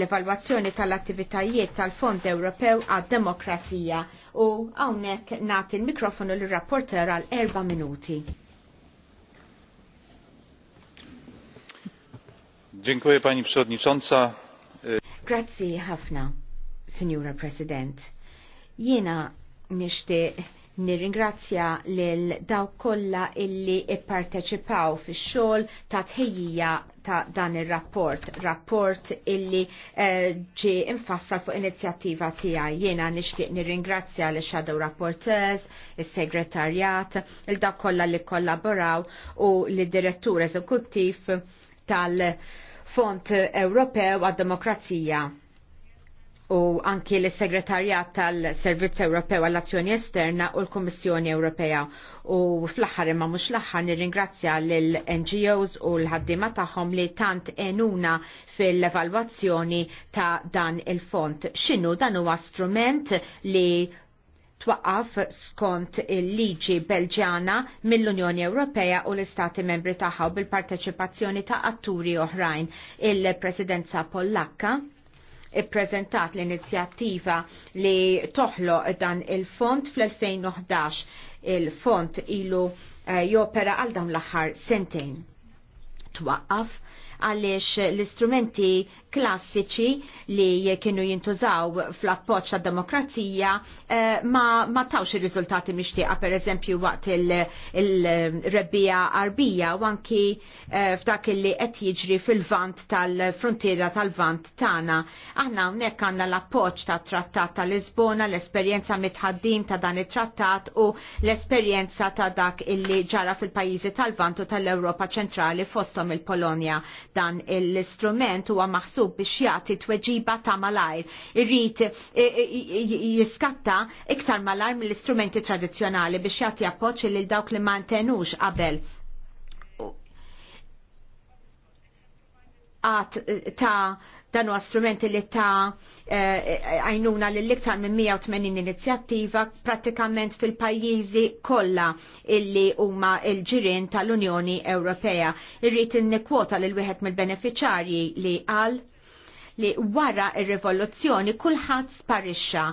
l-evalwazzjoni tal-attivitajiet tal-Fond Ewropew għad-Demokrazija u hawnhekk nagħti l-mikrofonu l rapporter għal erba' minuti. Dziękuję Pani Przewodnicząca. Grazzi ħafna, Signora President. Jiena nixtieq Nirringrazzja lil daw kollha illi ipparteċipaw fix-xogħol ta' tħejjija ta' dan ir-rapport, rapport illi eh, ġi eh, infassal fuq inizjattiva tiegħi. Jiena nixtieq nirringrazzja l shadow rapporteurs, is-segretarjat, il dawk kollha li kollaboraw u l-direttur eżekuttiv tal-Fond Ewropew għad-Demokrazija u anki l segretarjat tal-Servizz Ewropew għall-Azzjoni Esterna u l-Kommissjoni Ewropea. U fl-aħħar imma mhux l-aħħar nirringrazzja lill-NGOs u l-ħaddiema tagħhom li tant enuna fil-evalwazzjoni ta' dan il-font. X'inhu dan huwa strument li twaqqaf skont il-liġi Belġana mill-Unjoni Ewropea u l-Istati membri tagħha bil-parteċipazzjoni ta' atturi oħrajn. Il-Presidenza Pollakka ippreżentat l-inizjattiva li toħloq dan il-font fl-2011. Il-font ilu eh, jopera għal dawn l-aħħar sentejn. Twaqqaf għaliex l-istrumenti klassiċi li kienu jintużaw fl-appoċ għad demokrazija eh, ma, ma tawx il-rizultati mixtieqa per eżempju waqt il-rebbija il arbija u anki eh, f'dak li qed jiġri fil-vant tal-frontiera tal-vant tana. Aħna hawnhekk għandna l-appoċ ta' trattat ta' Lisbona, l-esperjenza mitħaddim ta' dan it-trattat u l-esperjenza ta' dak illi ġara fil-pajjiżi tal-vant u tal-Ewropa ċentrali fostom il-Polonja. Dan l-istrument huwa maħsub biex jagħti tweġiba ta' malajr. Irrid jiskatta iktar malajr mill-istrumenti tradizzjonali biex jagħti appoġġ lil dawk li ma ntenux qabel. Għat ta' dan huwa strumenti li ta' eh, eh, għajnuna eh, l iktar minn 180 inizjattiva pratikament fil-pajjiżi kollha illi huma l-ġirien tal-Unjoni Ewropea. Irrid innikwota lil wieħed mill-beneficjarji li qal li wara ir-rivoluzzjoni kulħadd sparixxa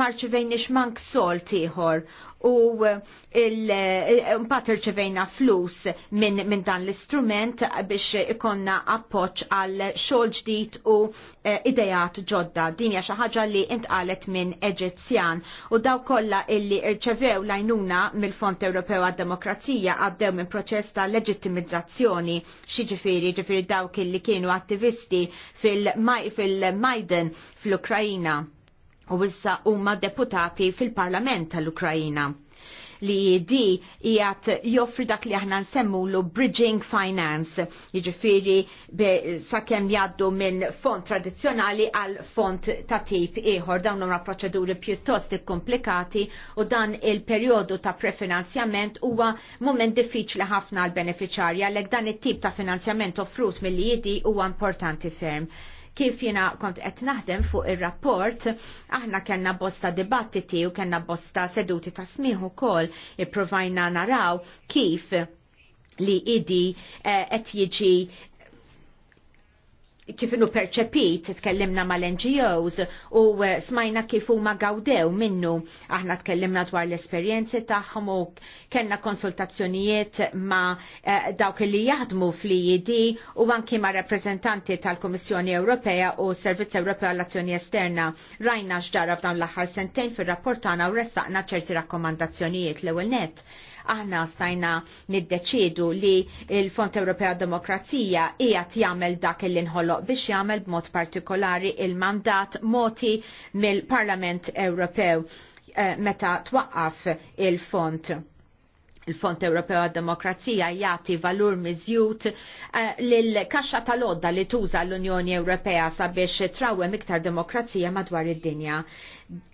marċivejnix mar mank sol tiħor u mbagħad eh, eh, irċivejna flus minn min dan l-istrument biex ikonna appoġġ għal xogħol ġdid u e, idejat ġodda. Din hija xi ħaġa li intqalet minn Eġizzjan u daw kollha illi rċevew lajnuna mill-Fond Ewropew għad-Demokrazija għaddew minn proċess ta' leġittimizzazzjoni xiġifieri ġifieri dawk illi kienu attivisti fil-Majden fil fl-Ukrajina u issa huma deputati fil-Parlament tal-Ukrajina li di jgħat joffri dak li aħna nsemmu lu bridging finance, jġifiri sakemm jaddu minn font tradizjonali għal font ta' tip ieħor dawn huma proċeduri pjuttost komplikati u dan il-perjodu ta' prefinanzjament huwa moment diffiċli ħafna għal beneficjarja għalhekk dan it-tip ta' finanzjament offrut mill-li huwa importanti ferm. Kif jina kont qed naħdem fuq ir-rapport, aħna kellna bosta dibattiti u kellna bosta seduti ta' smieħu kol ipprovajna naraw kif li idi eh, qed jiġi kif inu perċepit, tkellimna mal-NGOs u eh, smajna kif huma gawdew minnu. Aħna tkellimna dwar l-esperjenzi tagħhom u kellna konsultazzjonijiet ma eh, dawk li jaħdmu fl-IED e u anki ma' rappreżentanti tal-Kummissjoni Ewropea u Servizz Ewropea għall-Azzjoni Esterna. Rajna x'dara f'dawn l-aħħar sentejn fir-rapport tagħna u ressaqna ċerti rakkomandazzjonijiet l-ewwel nett Aħna stajna niddeċidu li il-Fond Ewropea Demokrazija qiegħed jagħmel dak li nħolloq biex jagħmel b'mod partikolari il-mandat moti mill-Parlament Ewropew eh, meta twaqqaf il-fond il-Fond Ewropew għad-Demokrazija jagħti valur miżjut eh, lill-kaxxa tal-odda li tuża l-Unjoni Ewropea sabiex trawem iktar demokrazija madwar id-dinja.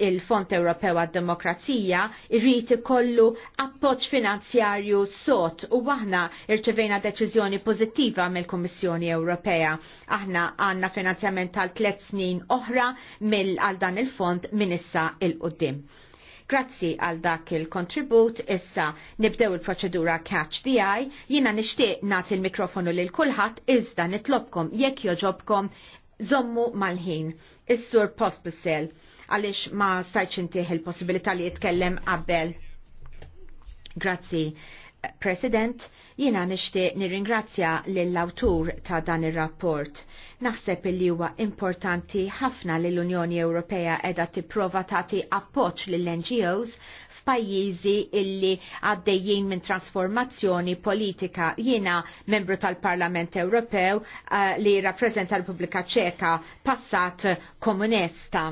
Il-Fond Ewropew għad-Demokrazija irrit ikollu appoġġ finanzjarju sot u aħna irċevejna deċiżjoni pożittiva mill-Kummissjoni Ewropea. Aħna għandna finanzjament tal tliet snin oħra mill għal dan il-fond minissa issa il-qudiem. Grazzi għal dak il-kontribut, issa nibdew il-proċedura Catch the Eye, jina nishtiq nat il-mikrofonu lil kulħadd iżda nitlobkom jekk joġobkom zommu mal-ħin. Is-sur Pospicel għaliex ma stajċ intih il-possibilità li jitkellem qabel. Grazzi. President, jiena nixtieq nirringrazzja lill-awtur ta' dan ir-rapport. Naħseb li huwa importanti ħafna li l-Unjoni Ewropea qiegħda tipprova tagħti appoġġ lill-NGOs f'pajjiżi illi għaddejjin minn trasformazzjoni politika. Jiena membru tal-Parlament Ewropew uh, li rappreżenta l-Pubblika Ċeka passat komunista.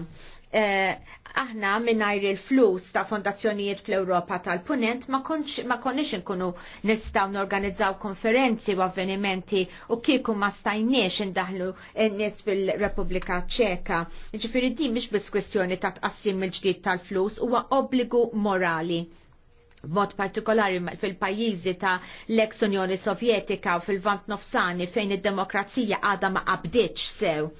Uh, Aħna minnajr il-flus ta' fondazzjonijiet fl-Europa tal-Punent ma konniex nkunu nistaw norganizzaw konferenzi u avvenimenti u kieku ma stajniex indaħlu n-nies fil-Repubblika Ċeka. Ġifiri di miex bis kwestjoni ta' tqassim il-ġdid tal-flus huwa obbligu morali mod partikolari fil-pajjiżi ta' l-ex Unjoni Sovjetika u fil-Vant Nofsani fejn id-demokrazija għadha ma qabdiċ sew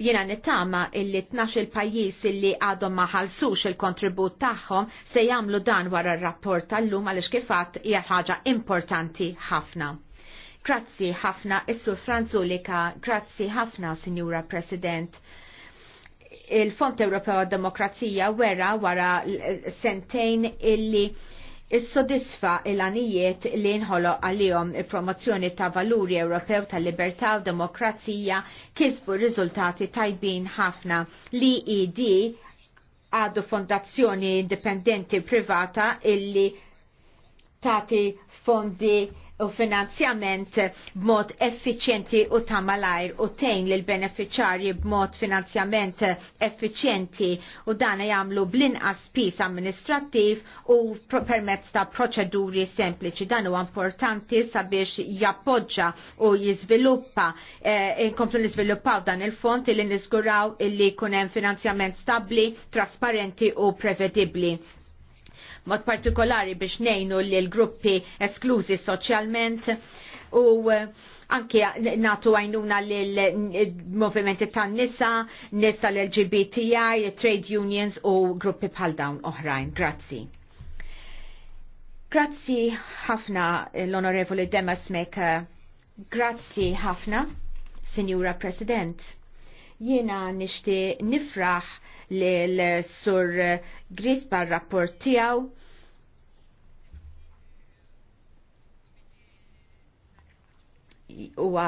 Jiena nittama illi 12 il-pajjiż illi għadhom ma ħallsux il-kontribut tagħhom se jagħmlu dan wara r-rapport tal-lum għaliex kifat hija ħaġa importanti ħafna. Grazzi ħafna, Is-Sur Franzulika, grazzi ħafna, Sinjura President il-Fond Ewropew għad Demokrazija wera wara sentejn illi Is-sodisfa il-għanijiet li nħolo għalihom il-promozzjoni ta' valuri Ewropew ta' libertà u demokrazija kisbu riżultati tajbin ħafna li ID e għadu fondazzjoni indipendenti privata illi tati fondi u finanzjament b'mod effiċjenti u ta' malajr u tejn lil beneficjarji b'mod finanzjament effiċjenti u dan jagħmlu bl-inqas spis amministrattiv u permezz ta' proċeduri sempliċi. Dan huwa importanti sabiex jappoġġa u jiżviluppa eh, niżviluppaw dan il-fond li niżguraw illi jkun hemm finanzjament stabbli, trasparenti u prevedibbli mod partikolari biex nejnu li l-gruppi esklużi soċjalment u eh, anke natu għajnuna l-movimenti eh, tan nisa, nisa l-LGBTI, trade unions u gruppi bħal dawn oħrajn. Grazzi. Grazzi ħafna eh, l-Onorevoli Demas Mek. Grazzi ħafna, Signora President. Jiena nishti nifraħ l-sur Grispa rapport tijaw. Uwa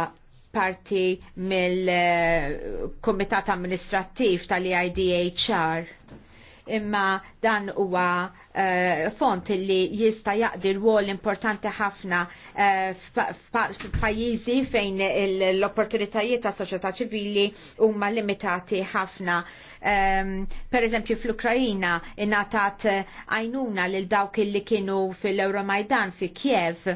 parti mill-Komitat Amministrattiv tal-IDHR imma dan huwa uh, font li jista' jaqdi rwol importanti ħafna uh, f'pajjiżi fejn l-opportunitajiet ta' soċjetà ċivili huma limitati ħafna. Um, ehm, per eżempju fl-Ukrajina inatat eh, għajnuna lil dawk li kienu fil-Euromajdan fi Kiev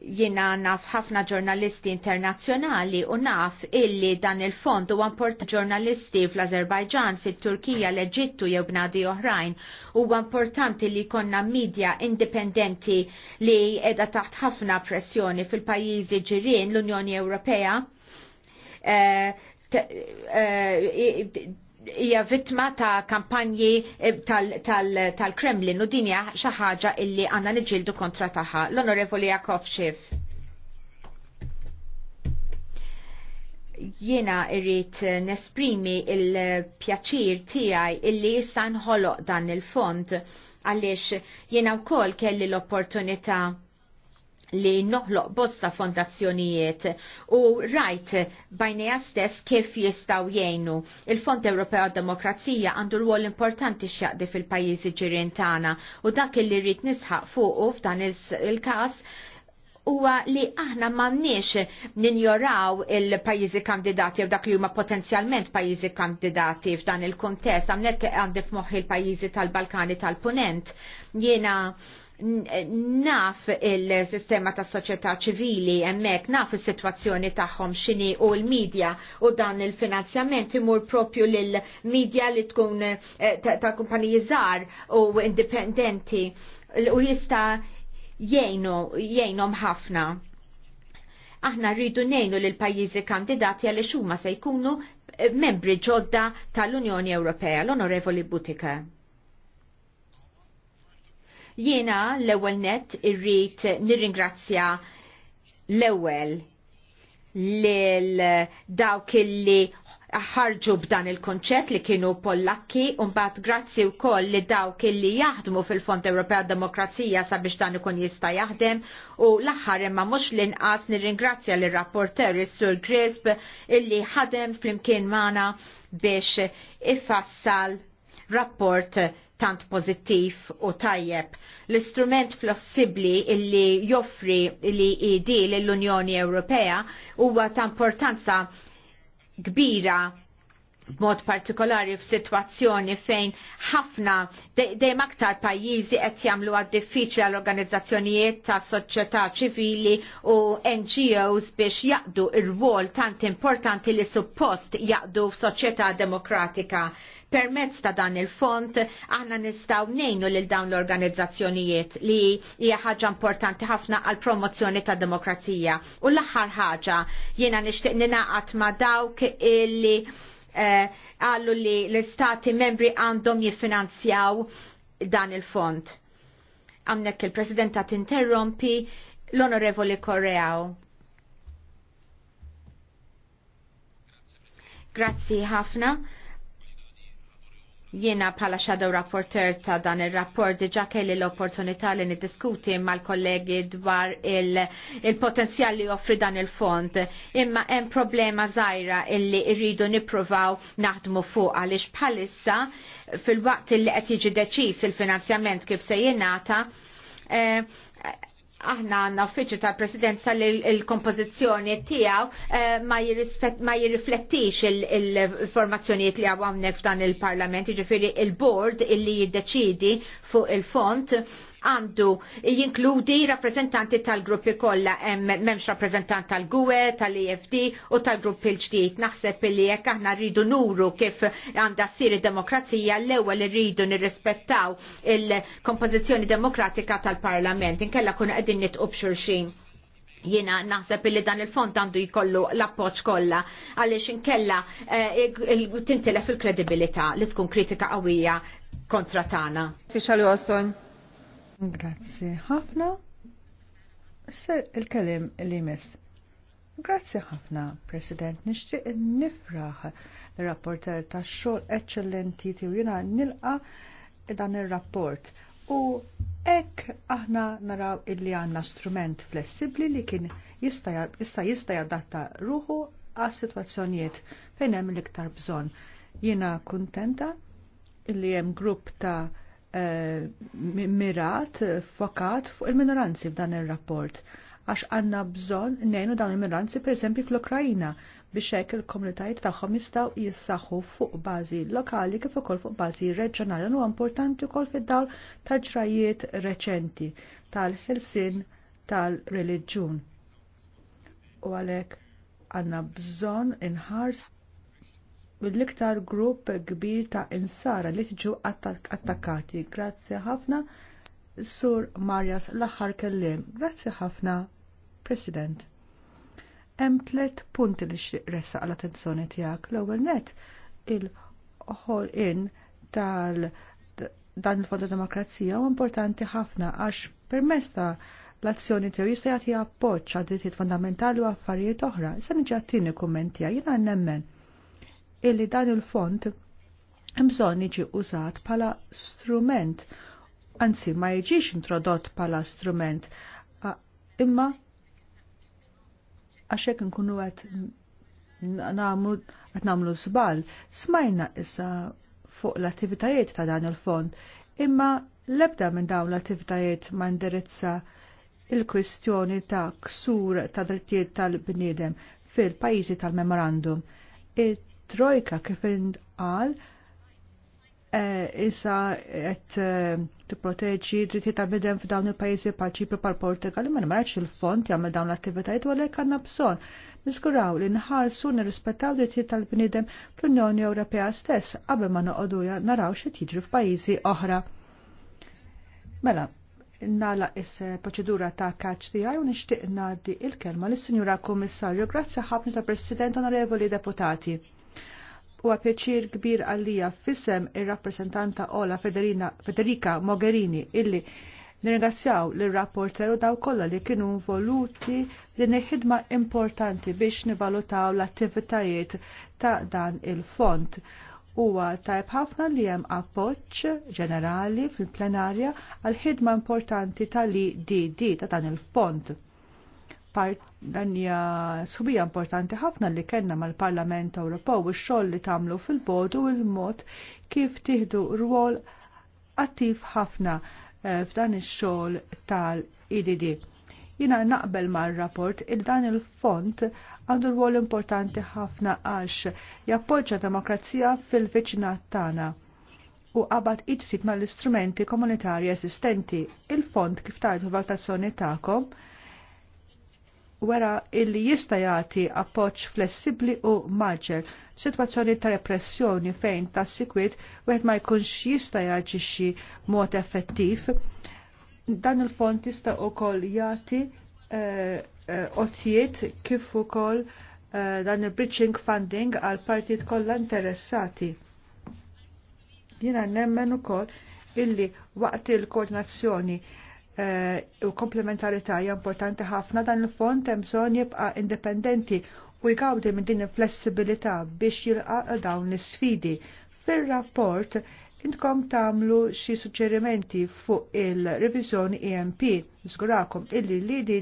jina naf ħafna ġurnalisti internazzjonali u naf illi dan il-fond u import ġurnalisti fl-Azerbajġan, fil-Turkija, l-Eġittu jew bnadi oħrajn u importanti li konna media indipendenti li edha taħt ħafna pressjoni fil-pajizi ġirien l-Unjoni Ewropea. Uh, hija vittma ta' kampanji eh, tal-Kremlin u dinja xi ħaġa illi għandna niġġieldu kontra tagħha. L-Onorevoli Jakovxev. Jiena irrit nesprimi il-pjaċir tiegħi illi issa nħoloq dan il-fond għaliex jiena wkoll kelli l-opportunità li noħloq bosta fondazzjonijiet u rajt bajnija stess kif jistaw jgħinu. Il-Fond Ewropea Demokrazija għandu rwol importanti xjaqdi fil-pajjiżi ġirien tagħna u dak li rrit nisħaq fuq f'dan il-każ huwa li aħna m'għandniex ninjoraw il-pajjiżi kandidati u dak li huma potenzjalment pajjiżi kandidati f'dan il-kuntest għamnek għandi f'moħħi il-pajjiżi tal-Balkani tal-Punent. Jiena naf il-sistema ta' soċjetà ċivili hemmhekk naf is-sitwazzjoni tagħhom x'inhi u l-medja u dan il-finanzjament imur propju lil medja li tkun eh, ta' kumpaniji żgħar u indipendenti u jista' jgħinu jgħinhom ħafna. Aħna rridu ngħinu lil pajjiżi kandidati għaliex huma se jkunu eh, membri ġodda tal-Unjoni Ewropea, l-Onorevoli Butika. Jiena l-ewwel net irrid nirringrazzja l-ewwel lil dawk illi ħarġu b'dan il-konċett li kienu pollakki un bat grazzi u koll li dawk li jaħdmu fil-Fond Ewropea Demokrazija sabiex dan ikun jista jaħdem u l aħħar imma mhux l-inqas nirringrazzja lir rapporter is sur Grisb illi ħadem flimkien mana biex ifassal rapport tant pozittiv u tajjeb. L-istrument flossibli illi joffri li idi l-Unjoni Ewropea huwa ta' importanza kbira b'mod partikolari f'sitwazzjoni fejn ħafna dejjem aktar pajjiżi qed jagħmlu għad diffiċli għall organizzazzjonijiet ta' soċjetà ċivili u NGOs biex jaqdu r wol tant importanti li suppost jaqdu f'soċjetà demokratika permezz ta' dan il-font aħna nistaw nejnu lil dawn l-organizzazzjonijiet li hija ħaġa importanti ħafna għal promozzjoni ta' demokrazija. U l-aħħar ħaġa jiena nixtieq ninaqat ma' dawk illi eh, għallu li l-istati membri għandhom jiffinanzjaw dan il-font. Għamnek il-presidenta tinterrompi l-onorevoli Korreaw. Grazzi ħafna. Jiena bħala shadow rapporteur ta' dan il-rapport diġa kelli l-opportunità li niddiskuti mal-kollegi dwar il-potenzjal li joffri dan il-fond. Imma hemm problema żgħira illi rridu nippruvaw naħdmu fuq għaliex bħalissa fil-waqt li qed jiġi deċiż il-finanzjament kif se jingħata eh, aħna għanna uffiċu tal-presidenza li l-kompozizjoni tijaw eh, ma jirriflettix il-formazzjoniet li għawamnek f'dan il-parlament, ġifiri il-board illi jiddeċidi fuq il-font għandu jinkludi rappresentanti tal-gruppi kollha m'hemmx rappresentant tal-GUE, tal-EFD u e, tal-grupp il-ġdid. Naħseb li jekk aħna rridu nuru kif għandha ssir id-demokrazija l-ewwel rridu nirrispettaw il-kompożizzjoni demokratika tal-Parlament. Inkella kun qegħdin nitqub xulxin jena naħseb illi dan il-fond għandu jkollu l-appoċ kolla għalix inkella eh, tintilef il-kredibilita li tkun kritika qawwija kontra tana. Fixalu għasson. Grazzi ħafna. Sir il-kelim li mis. Grazzi ħafna, President. Nixtieq nifraħ l-rapporter ta' xogħol eccellenti ti jiena nilqa dan ir-rapport. U hekk aħna naraw illi għandna strument flessibbli li kien jista' jista' jadatta ruħu għas situazzjonijiet fejn hemm l-iktar bżonn. Jiena kuntenta illi hemm grupp ta' Eh, mirat, fokat fuq il-minoranzi f'dan il-rapport għax għanna bżon nejnu dawn il-minoranzi per eżempju fl-Ukrajina biex hekk il-komunitajiet tagħhom jistgħu jissaħħu fuq bażi lokali kif ukoll fuq bażi reġjonali huwa importanti wkoll fid-dawl ta' ġrajiet reċenti tal-ħilsin tal-reliġjun. U għalhekk għandna bżonn inħars mill-iktar grupp kbir ta' insara li tġu attakkati. Grazzi ħafna, Sur Marjas l-aħħar kellim. Grazzi ħafna, President. Hemm tliet punti li xressa għal attenzjoni tiegħek. L-ewwel net il in tal dan il-fond demokrazija u importanti ħafna għax permess ta' l-azzjoni tiegħu jista' jagħti appoġġ għad drittijiet fundamentali u affarijiet oħra. Issa niġi għattini kummenti jiena nemmen illi dan il-font mżon jiġi użat pala strument, anzi ma jiġix introdott pala strument, imma għaxek nkunu għat namlu għat namlu zbal, smajna issa fuq l-attivitajiet ta' dan il-fond, imma lebda minn dawn l-attivitajiet ma' indirizza il-kwistjoni ta' ksur ta' drittijiet tal-bnidem fil-pajizi tal-memorandum trojka kif qal eh, issa qed eh, tipproteġi dritti ta' bidem f'dawn il-pajjiżi bħal Ċipru bħal Portugal ma nimarax il-fond jagħmel dawn l-attivitajiet u għalhekk għandna bżonn Nisguraw li nħarsu nirrispettaw drittijiet tal-bniedem fl-Unjoni Ewropea stess qabel ma noqogħdu naraw xi jiġri f'pajjiżi oħra. Mela, nala is eh, proċedura ta' kaċ tijaj u nixtieq naddi il-kelma l-Sinjura Kommissarju. Grazzi ħafna ta' President Onorevoli Deputati. Huwa pjaċir kbir għalija fissem ir-rappreżentanta Ola Federica Mogherini illi Nirringrazzjaw l-rapporter u daw kollha li kienu involuti din il-ħidma importanti biex nivalutaw l-attivitajiet ta' dan il-font. Huwa tajb ħafna li hemm appoġġ ġenerali fil-plenarja għal ħidma importanti tal-IDD ta' dan il-font part danja subija importanti ħafna li kenna mal-Parlament Ewropew u x-xogħol li tagħmlu fil-bodu u l-mod kif tieħdu rwol attiv ħafna eh, f'dan ix-xogħol tal-IDD. Jina naqbel mar-rapport il dan il-font għandu rwol importanti ħafna għax jappoġġa demokrazija fil-viċinat tagħna u qabad idfit mal-istrumenti komunitarji esistenti. Il-fond kif tajtu valutazzjoni tagħkom wera illi jista' jagħti appoġġ flessibbli u maġġel situazzjoni ta' repressjoni fejn ta' sikwit wieħed ma jkunx jista' jaġixxi mod effettiv. Dan il-fond jista' wkoll jagħti eh, eh otijiet kif ukoll eh, dan il-bridging funding għal partijiet kollha interessati. Jiena nemmen ukoll illi waqt il-koordinazzjoni Eh, u komplementarità importanti ħafna dan il-fond hemm bżonn jibqa' indipendenti u jgawdi minn din il-flessibilità biex jilqa' dawn l-sfidi. Fir-rapport intkom tagħmlu xi suġġerimenti fuq il revizjoni EMP. Żgurakom illi li di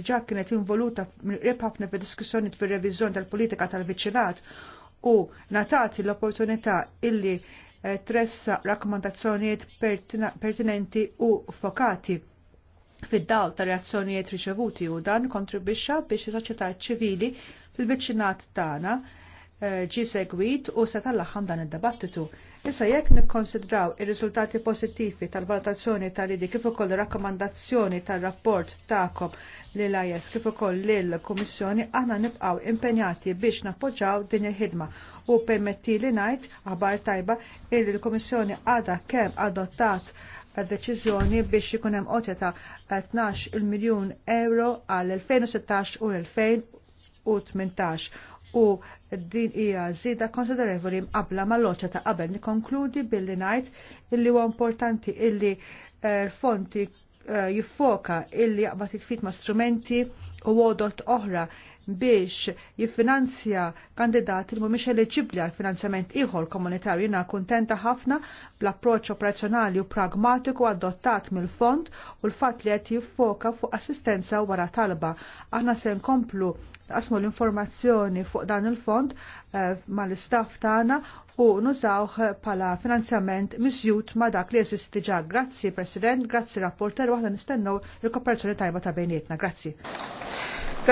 diġà kienet involuta rebħafna fid-diskussjoni fir-reviżjoni tal-politika tal-viċinat u natati l-opportunità illi Eh, tressa rakkomandazzjonijiet pertinenti u fokati fid-dawl ta' reazzjonijiet riċevuti u dan kontribuixxa biex is-soċjetà ċivili fil-viċinat tagħna eh, ġi segwit u se tal-aħħam dan id-dibattitu. Issa jekk nikkonsidraw ir-riżultati pożittivi tal-valutazzjoni tal-IDI kif ukoll rakkomandazzjoni tar-rapport tagħkom lil IS kif ukoll lil Kummissjoni aħna nibqgħu impenjati biex nappoġġaw din il-ħidma u permettili ngħid aħbar tajba illi l-Kummissjoni għadha kemm adottat deċiżjoni biex ikun hemm qotja ta' 12 il miljun euro għal 2016 u 2018 u din hija żieda konsiderevoli mqabla mal-loċa ta' qabel. Nikonkludi billi ngħid illi huwa importanti illi eh, l-fonti eh, jiffoka illi jaqbad it-fit ma' strumenti u għodot oħra biex jiffinanzja kandidati li mhumiex eliġibbli għal finanzjament ieħor komunitarju jiena kuntenta ħafna bl-approċċ operazzjonali u pragmatiku adottat mill-fond u l-fatt li qed jiffoka fuq assistenza wara talba. Aħna se nkomplu asmu l-informazzjoni fuq dan il-fond eh, mal-istaff tagħna u nużawh pala finanzjament misjut ma dak li jeżisti ġa. Grazzi, President, grazzi, rapporter, aħna nistennu il-kooperazzjoni tajba ta' bejnietna. Grazzi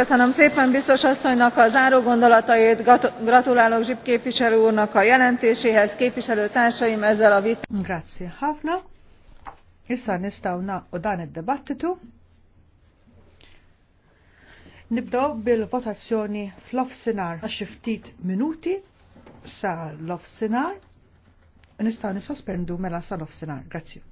köszönöm szépen biztos asszonynak a záró gondolatait gratulálok zsip képviselő úrnak a jelentéséhez képviselő társaim ezzel a vit. Grazie Havna. Issa nistgħu u dan id-dibattitu. Nibdew bil-votazzjoni fl-offsinar għax ftit minuti sa l-offsinar nistgħu nisospendu mela sa l-offsinar. Grazie.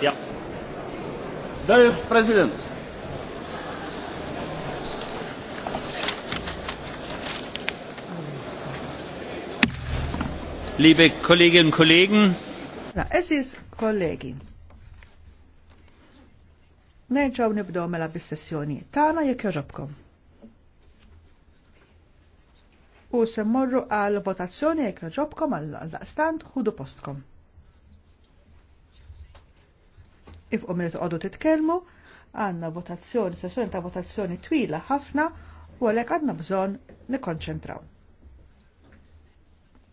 Ja, Der Präsident. Liebe Kolleginnen und Kollegen. Na, es ist Kollegi. Nerġaw nibdow mela bis-sessjoni tagħna jekk joġobkom. U se morru għal votazzjoni jekk joġobkom għal daqstant ħudu postkom. ifqu minn tqogħdu titkellmu, għandna votazzjoni, sessjoni ta' votazzjoni twila ħafna u għalhekk għandna bżonn nikkonċentraw.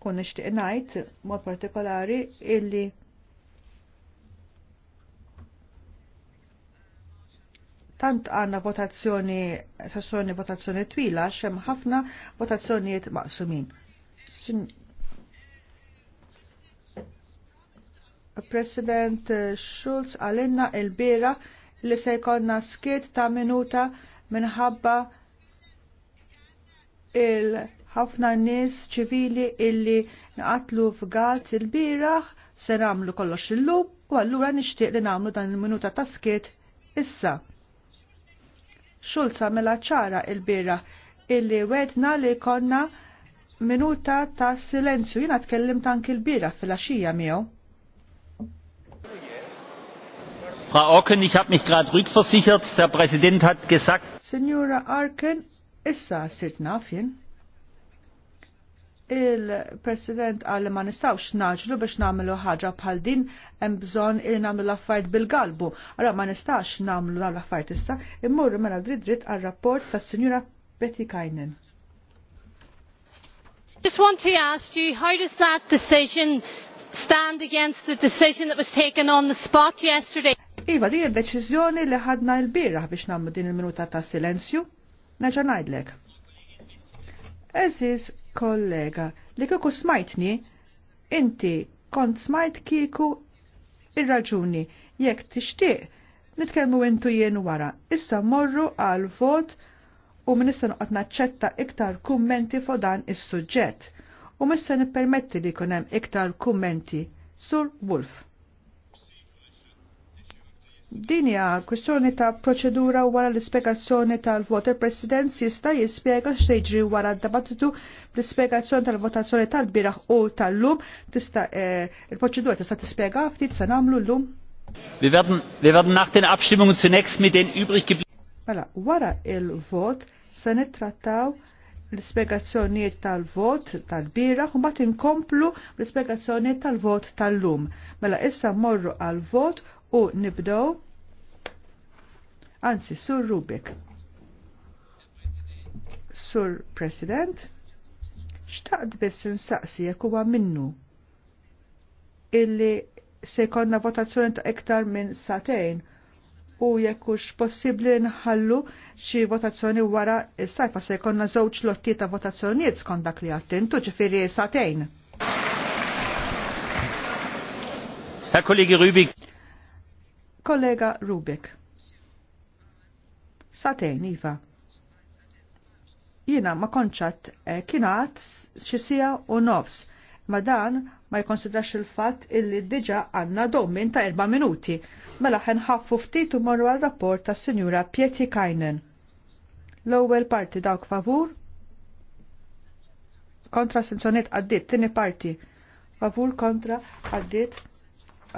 Kun nixtieq ngħid mod partikolari illi tant għanna votazzjoni, sessjoni votazzjoni twila, xem ħafna votazzjonijiet maqsumin. President Schulz għalinna il-bira li se jkonna skiet ta' minuta minħabba il-ħafna nies ċivili illi naqatlu f'galt il-biraħ se namlu kollox illum u allura nixtieq li namlu dan il-minuta ta' skiet issa. Schulz mela ċara il-bira illi wedna li konna minuta ta' silenzju jina tkellim anki l-bira fil-axija miegħu. Frau Orken, ich habe mich gerade rückversichert. Der Präsident hat gesagt. Signora Orken, issa sirt nafjen. Il-President għal ma nistaw xnaġlu biex namlu ħagġa bħal din hemm il namlu laffajt bil-galbu. Ara ma nistaw xnaġlu laffajt issa, immur mela dritt għal rapport ta' signora Betty Kajnen. Just want to ask you, how does that decision stand against the decision that was taken on the spot yesterday. Iva, di il-deċizjoni li ħadna il birra biex namlu din il-minuta ta' silenzju. Neġa najdlek. Eżis, kollega, li kiku smajtni, inti kont smajt kiku ir-raġuni. Jekk tixtieq, nitkellmu intu jien wara. Issa morru għal vot u minista noqgħod naċċetta iktar kummenti fuq dan is-suġġett u missa nippermetti li kunem iktar kummenti sur Wolf. Dinja kwistjoni ta' proċedura wara l-ispiegazzjoni tal-vot. Il-President jista' jispjega x'tejġri wara d dabattitu l-ispjegazzjoni tal-votazzjoni tal-biraħ u tal-lum. Tista' eh, il-proċedura tista' tispjega ftit se nagħmlu llum. Wir werden, nach den Abstimmungen zunächst mit den übrig gebliebenen. Mela, wara il-vot se nittrattaw l spiegazzjonijiet tal-vot tal-biraħ u mbagħad inkomplu l-spiegazzjoniet tal-vot tal-lum. Mela issa morru għal-vot u nibdew anzi Sur Rubik. Sur President, xtaqt biss insaqsi jekk huwa minnu illi se jkollna votazzjoni ta' iktar minn satejn u jekk hux possibbli nħallu xi votazzjoni wara s-sajfa se jkollna żewġ lotti ta' votazzjonijiet skont dak li għattintu ġifieri satejn. Herr Kollege Rübig. Kollega Rubik. Satejn, Iva. Jina ma konċat eh, kienat xisija u nofs, ma dan ma jkonsidrax il-fat illi diġa għanna domin ta' erba' minuti. Mela ħaffu ftit u morru għal rapport ta' Sinjura Pieti Kajnen. L-ewwel parti dawk favur. Kontra astenzjoniet għaddit, tini parti. Favur kontra għaddit,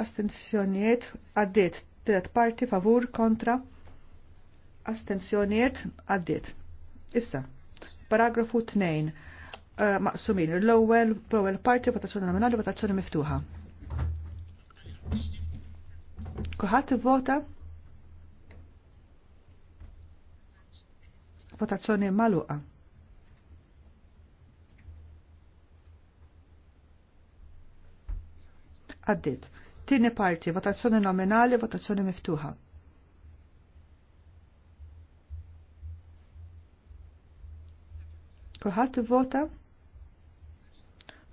astenzjoniet għaddit, tret parti favur kontra astenzjoniet għaddit. Issa, paragrafu 2 eh, maqsumin l-ewwel l-ewwel parti votazzjoni nominali votazzjoni miftuħa. Kuħat vota votazzjoni maluqa. Għaddit. Tini parti, votazzjoni nominali, votazzjoni miftuħa. Kulħadd vota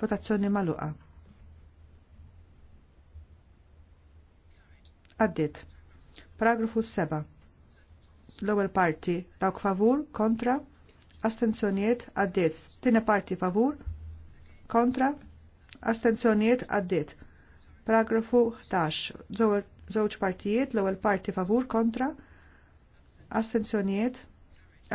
votazzjoni maluqa. Għaddit. Paragrafu 7. L-ewwel parti dawk favur kontra astenzjonijiet għaddit. Tieni parti favur kontra astenzjonijiet għaddit. Paragrafu 11. Żewġ partijiet l-ewwel parti favur kontra astenzjonijiet